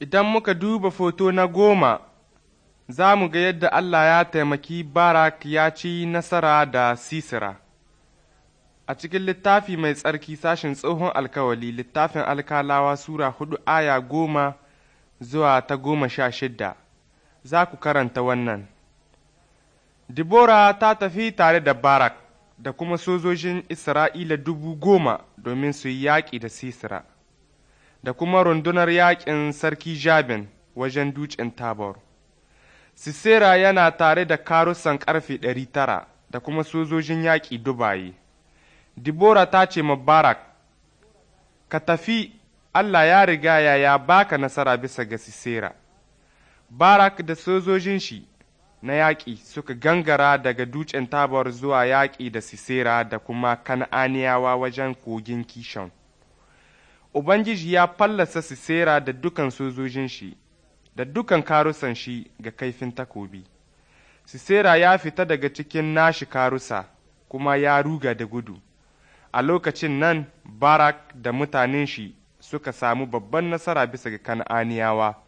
Idan muka duba foto na goma, za mu ga yadda Allah ya taimaki Barak ya ci nasara da Sisira. A cikin littafi mai tsarki sashin tsohon alkawali, littafin alkalawa Sura hudu aya goma zuwa ta goma sha shidda, za ku karanta wannan. Dibora ta tafi tare da Barak da kuma sojojin Isra'ila dubu goma domin su yi yaƙi da Sisira. da kuma rundunar yaƙin sarki Jabin wajen dutsen Tabor. Sisera yana tare da karusan ƙarfe ɗari tara da kuma sojojin yaƙi dubaye. Dibora ta ce ma Ka tafi, Allah ya riga ya ya baka nasara bisa ga Sisera. Barak da sojojin shi na yaƙi suka gangara daga dutsen Tabor zuwa yaƙi da Sisera da kuma Kan'aniyawa wajen kogin Kishon. Ubangiji ya fallasa Sisera da dukan sojojin shi, da dukan karusan shi ga kaifin takobi. Sisera ya fita daga cikin nashi karusa, kuma ya ruga da gudu. A lokacin nan, Barak da mutanen shi suka samu babban nasara bisa ga Kan'aniyawa.